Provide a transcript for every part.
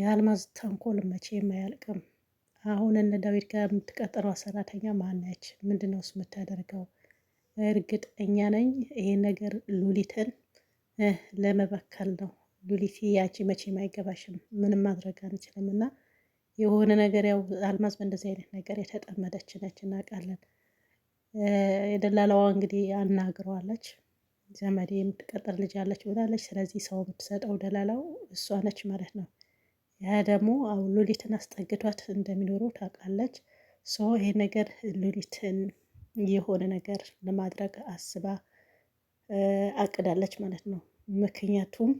የአልማዝ ተንኮል መቼም አያልቅም። አሁን እነ ዳዊት ጋር የምትቀጥረው ሰራተኛ ማነች? ምንድነው ስ የምታደርገው? እርግጠኛ ነኝ ይሄ ነገር ሉሊትን ለመበከል ነው። ሉሊት ያቺ መቼም አይገባሽም፣ ምንም ማድረግ አንችልም። እና የሆነ ነገር ያው አልማዝ በእንደዚህ አይነት ነገር የተጠመደች ነች፣ እናውቃለን። የደላላዋ እንግዲህ አናግረዋለች። ዘመዴ የምትቀጠር ልጅ አለች ብላለች። ስለዚህ ሰው የምትሰጠው ደላላው እሷ ነች ማለት ነው። ያ ደግሞ ሉሊትን አስጠግቷት እንደሚኖሩ ታውቃለች። ሶ ይሄ ነገር ሉሊትን የሆነ ነገር ለማድረግ አስባ አቅዳለች ማለት ነው። ምክንያቱም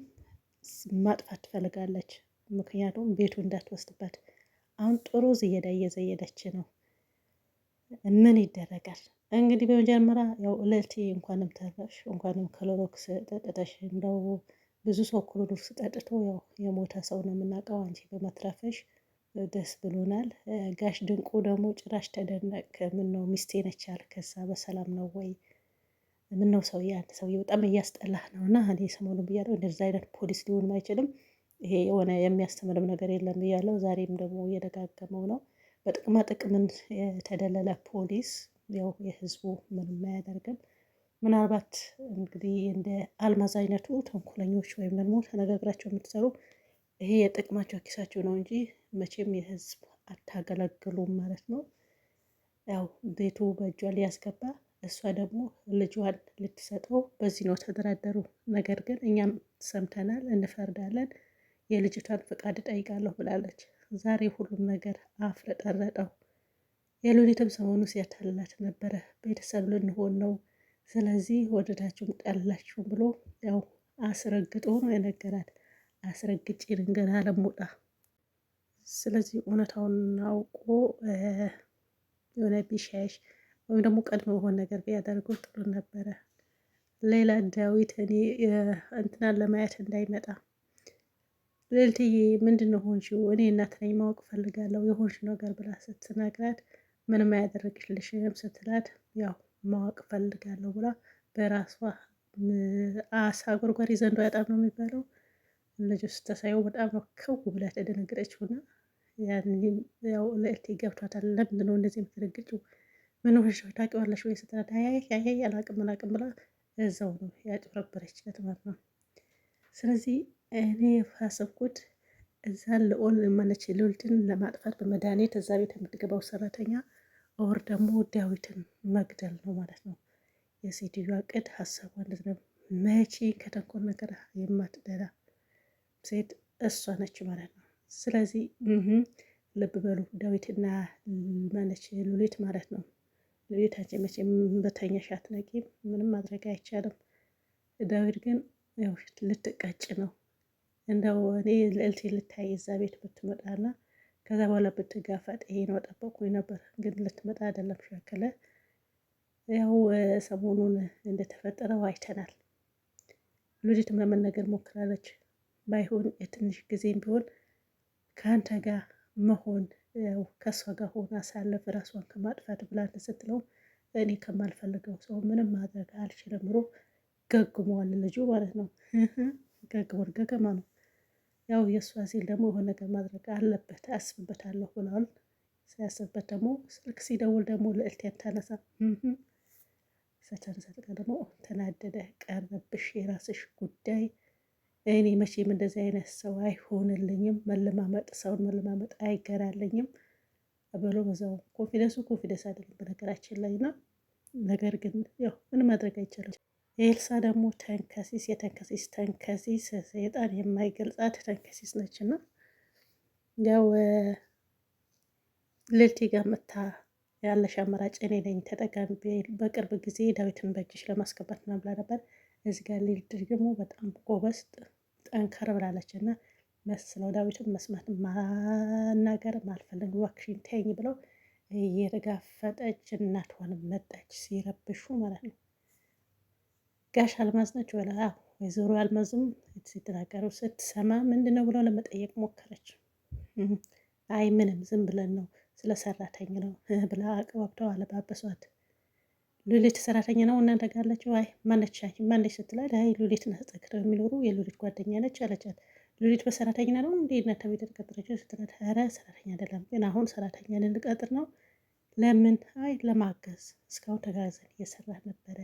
ማጥፋት ትፈልጋለች። ምክንያቱም ቤቱ እንዳትወስድበት አሁን ጥሩ ዝየዳ እየዘየደች ነው። ምን ይደረጋል እንግዲህ በመጀመሪያ ያው እልልቴ እንኳንም ተረፍሽ፣ እንኳንም ክሎሮክስ ጠጥተሽ እንደው ብዙ ሰው ክሎሮክስ ጠጥቶ ያው የሞተ ሰው ነው የምናውቀው። አንቺ በመትረፈሽ ደስ ብሎናል። ጋሽ ድንቁ ደግሞ ጭራሽ ተደነቅ። ነው ሚስቴ ነች ያልክ ከዛ በሰላም ነው ወይ? ምን ነው ሰው አንተ ሰው በጣም እያስጠላህ ነው። እና እኔ ሰሞኑ ብያለው እንደዛ አይነት ፖሊስ ሊሆንም አይችልም። ይሄ የሆነ የሚያስተምርም ነገር የለም ብያለሁ። ዛሬም ደግሞ እየደጋገመው ነው። በጥቅማ ጥቅምን የተደለለ ፖሊስ ያው የህዝቡ ምንም አያደርግም። ምናልባት እንግዲህ እንደ አልማዝ አይነቱ ተንኮለኞች ወይም ደግሞ ተነጋግራቸው የምትሰሩ ይሄ የጥቅማቸው ኪሳቸው ነው እንጂ መቼም የህዝብ አታገለግሉም ማለት ነው። ያው ቤቱ በእጇ ሊያስገባ እሷ ደግሞ ልጇን ልትሰጠው በዚህ ነው ተደራደሩ። ነገር ግን እኛም ሰምተናል፣ እንፈርዳለን። የልጅቷን ፈቃድ እጠይቃለሁ ብላለች። ዛሬ ሁሉም ነገር አፍረጠረጠው። የሉሊትም ሰሞኑ ሲያታልላት ነበረ። ቤተሰብ ልንሆን ነው ስለዚህ ወደዳችሁም ጠላችሁም ብሎ ያው አስረግጦ ነው የነገራት። አስረግጬ ልንገር አለሙጣ። ስለዚህ እውነታውን አውቆ የሆነ ቢሻሽ ወይም ደግሞ ቀድሞ የሆነ ነገር ቢያደርገው ጥሩ ነበረ። ሌላ ዳዊት እኔ እንትናን ለማየት እንዳይመጣ ልዕልትዬ ምንድን ነው ሆንሽው? እኔ እናት ነኝ ማወቅ ፈልጋለሁ የሆንሽ ነገር ብላ ስትነግራት ምንም አያደረግልሽም ስትላት ያው ማወቅ ፈልጋለሁ ብላ በራሷ አሳ ጎርጓሪ ዘንዶ ያጣም ነው የሚባለው። ልጆች ተሳየው በጣም ነው ከው ብላ ተደነገጠችው እና ያው ልዕልት ገብቷታል። ለምንድን ነው እንደዚህ የምትደነግጭው? ምን ሆንሽ ታውቂዋለሽ ወይ ስትላት ያያይ አላቅም አላቅም ብላ እዛው ነው ያጭበረበረችለት ማለት ነው። ስለዚህ እኔ የፋሰብኩት እዛ ልኦል ማለች ልውልድን ለማጥፋት በመድኃኒት እዛ ቤት የምትገባው ሰራተኛ ኦር ደግሞ ዳዊትን መግደል ነው ማለት ነው። የሴትዮዋ ቅድ ሀሳብ ማለት ነው። መቼ ከተንኮል ነገር የማትደላ ሴት እሷ ነች ማለት ነው። ስለዚህ ልብ በሉ ዳዊትና ማነች ሉሊት ማለት ነው። ሉሊት አንቺ መቼም በተኛሽ አትነቂም፣ ምንም ማድረግ አይቻልም። ዳዊት ግን ያው ልትቀጭ ነው። እንደው እኔ ልዕልቴ ልታይ እዛ ቤት ብትመጣና ከዛ በኋላ ብትጋፈጥ ይሄ ነው ጠበቁኝ ነበር፣ ግን ልትመጣ አይደለም ሻከለ። ያው ሰሞኑን እንደተፈጠረው አይተናል። ሉሊትም ለመናገር ሞክራለች። ባይሆን የትንሽ ጊዜም ቢሆን ከአንተ ጋር መሆን ያው ከእሷ ጋር ሆና ሳለፍ ራሷን ከማጥፋት ብላ ስትለው እኔ ከማልፈልገው ሰው ምንም ማድረግ አልችልም ብሎ ገግሟል ልጁ ማለት ነው። ገግሟል፣ ገገማ ነው። ያው የእሷ ሲል ደግሞ የሆነ ነገር ማድረግ አለበት አስብበታለሁ ብለዋል። ሲያስብበት ደግሞ ስልክ ሲደውል ደግሞ ልዕልት ተነሳ ሰተን ደግሞ ተናደደ። ቀረብሽ፣ የራስሽ ጉዳይ። እኔ መቼም እንደዚህ አይነት ሰው አይሆንልኝም፣ መለማመጥ ሰውን መለማመጥ አይገራልኝም ብሎ በዛው ኮንፊደንሱ ኮንፊደንስ አይደለም በነገራችን ላይ ነው። ነገር ግን ያው ምን ማድረግ አይቻልም። ኤልሳ ደግሞ ተንከሲስ የተንከሲስ ተንከሲስ ሰይጣን የማይገልጻት ተንከሲስ ነች። እና ያው ልልቲ ጋር መታ ያለሽ አማራጭ እኔ ነኝ ተጠቃሚ፣ በቅርብ ጊዜ ዳዊትን በእጅሽ ለማስገባት ምናምን ብላ ነበር። እዚህ ጋር ልልቲ ደግሞ በጣም ጎበዝ ጠንከር ብላለች እና መስለው ዳዊትን መስማት ማናገር አልፈለግም እባክሽን ተይኝ ብለው እየተጋፈጠች እናትሆንም መጣች ሲረብሹ ማለት ነው። ጋሽ አልማዝ ነች ወላ ወይዘሮ አልማዝም የተናገሩ ስትሰማ ምንድን ነው ብለው ለመጠየቅ ሞከረች። አይ ምንም ዝም ብለን ነው ስለ ሰራተኛ ነው ብላ አቀባብተው አለባበሷት። ሉሊት ሰራተኛ ነው እናንተ ጋር አለችው። አይ ማነች ማነች ስትላት፣ አይ ሉሊት አስጠግተው የሚኖሩ የሉሊት ጓደኛ ነች አለቻት። ሉሊት በሰራተኛ ነው እንዴ እናንተ ቤት የተቀጠረችው ስትላት፣ ኧረ ሰራተኛ አይደለም ግን አሁን ሰራተኛ ልንቀጥር ነው። ለምን? አይ ለማገዝ እስካሁን ተጋዘን እየሰራ ነበረ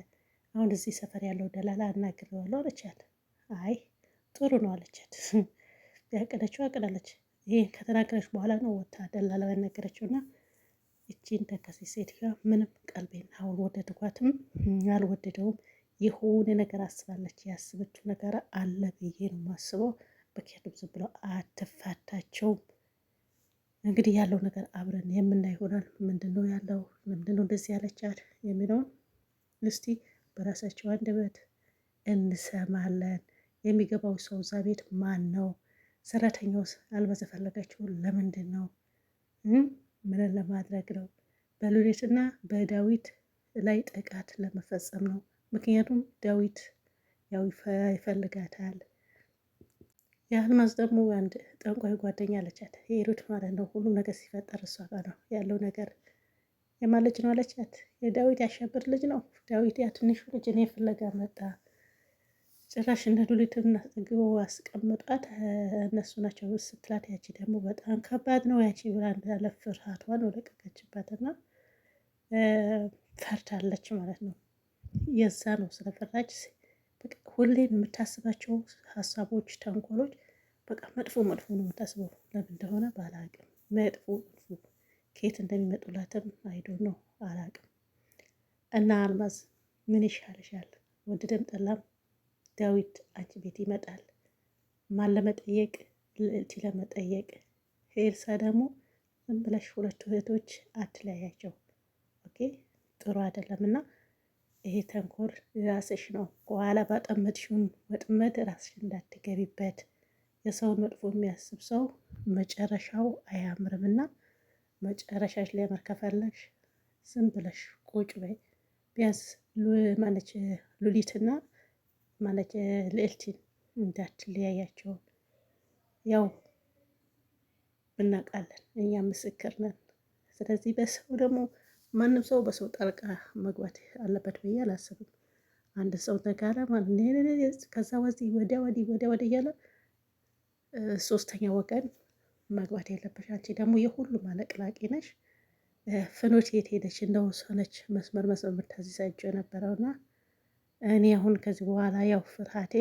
አሁን እዚህ ሰፈር ያለው ደላላ አናግሬዋለሁ አለቻት። አይ ጥሩ ነው አለቻት። ያቀደችው አቅዳለች። ይሄ ከተናገረች በኋላ ነው ወታ ደላላው ያናገረችው እና እቺን ተከሴ ሴትዮዋ ምንም ቀልቤን አልወደድኳትም፣ አልወደደውም። የሆነ ነገር አስባለች። ያስበችው ነገር አለ ብዬ ነው የማስበው። በኪያድም ዝም ብለው አትፋታቸውም። እንግዲህ ያለው ነገር አብረን የምናይ ይሆናል። ምንድን ነው ያለው? ምንድን ነው እንደዚህ ያለቻት የሚለውን እስቲ በራሳቸው አንደበት እንሰማለን። የሚገባው ሰው እዛ ቤት ማን ነው? ሰራተኛው አልባዝ ፈለጋችሁ ለምንድን ነው? ምንን ለማድረግ ነው? በሉሌትና በዳዊት ላይ ጥቃት ለመፈጸም ነው። ምክንያቱም ዳዊት ያው ይፈልጋታል። የአልማዝ ደግሞ አንድ ጠንቋይ ጓደኛ አለቻት ሄሩት ማለት ነው። ሁሉም ነገር ሲፈጠር እሷ ጋር ነው ያለው ነገር የማን ልጅ ነው አለቻት። የዳዊት ያሸብር ልጅ ነው። ዳዊት ያ ትንሹ ልጅ እኔ ፍለጋ መጣ። ጭራሽ እነ ሉሊትን አስቀምጧት እነሱ ናቸው ስትላት፣ ያቺ ደግሞ በጣም ከባድ ነው ያቺ ብላ እንዳለ ፍርሃቷን ወለቀቀችባትና ፈርታለች ማለት ነው። የዛ ነው ስለፈራች ሁሌም የምታስባቸው ሀሳቦች፣ ተንኮሎች በቃ መጥፎ መጥፎ ነው የምታስበው። ለምን እንደሆነ ባላቅም መጥፎ መጥፎ ከየት እንደሚመጡላትም እና አልማዝ ምን ይሻልሻል? ወደደም ጠላም ዳዊት አንቺ ቤት ይመጣል። ማን ለመጠየቅ? ልዕልቲ ለመጠየቅ። ኤልሳ ደግሞ ዝም ብለሽ ሁለቱ እህቶች አትለያያቸው። ኦኬ ጥሩ አይደለም እና ይሄ ተንኮል ራስሽ ነው። ከኋላ ባጠመድሽውን ወጥመድ ራስሽ እንዳትገቢበት። የሰውን መጥፎ የሚያስብ ሰው መጨረሻው አያምርም እና መጨረሻሽ ሊያምር ከፈለግሽ ዝም ብለሽ ቁጭ በይ። ቢያንስ ማለች ሉሊትና ማለች ልዕልቲን እንዳትለያያቸውን ያው እናውቃለን፣ እኛ ምስክር ነን። ስለዚህ በሰው ደግሞ ማንም ሰው በሰው ጣልቃ መግባት አለበት ብዬ አላስብም። አንድ ሰው ተጋራ ከዛ ወዲህ ወዲያ ወዲህ ወዲያ ወዲህ እያለ ሶስተኛ ወገን መግባት የለበሽ። አንቺ ደግሞ የሁሉም አለቅላቂ ነሽ። ፍኖት የት ሄደች? እንደው ሰነች መስመር መስመር ታዚዛጆ የነበረውና እኔ አሁን ከዚህ በኋላ ያው ፍርሃቴ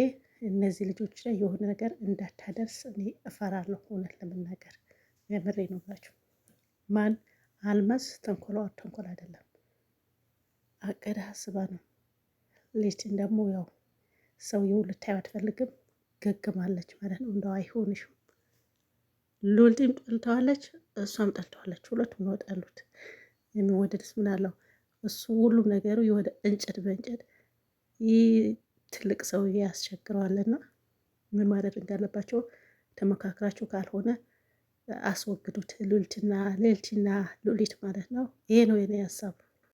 እነዚህ ልጆች ላይ የሆነ ነገር እንዳታደርስ እኔ እፈራለሁ። እውነት ለመናገር የምሬ ነው ብላችሁ ማን አልማዝ ተንኮሏ ተንኮል አይደለም፣ አቀዳ አስባ ነው። ልጅን ደግሞ ያው ሰውየው ልታዩ አትፈልግም፣ ገግማለች ማለት ነው። እንደው አይሆንሽ ሉልቲም ጠልተዋለች፣ እሷም ጠልተዋለች። ሁለቱም ነው ጠሉት። የሚወደድስ ምን አለው? እሱ ሁሉም ነገሩ የሆነ እንጨት በእንጨት ይህ ትልቅ ሰውዬ ያስቸግረዋልና ምን ማድረግ እንዳለባቸው ተመካክራቸው ካልሆነ አስወግዱት። ሌልቲና ሉሊት ማለት ነው። ይሄ ነው የኔ ሀሳብ።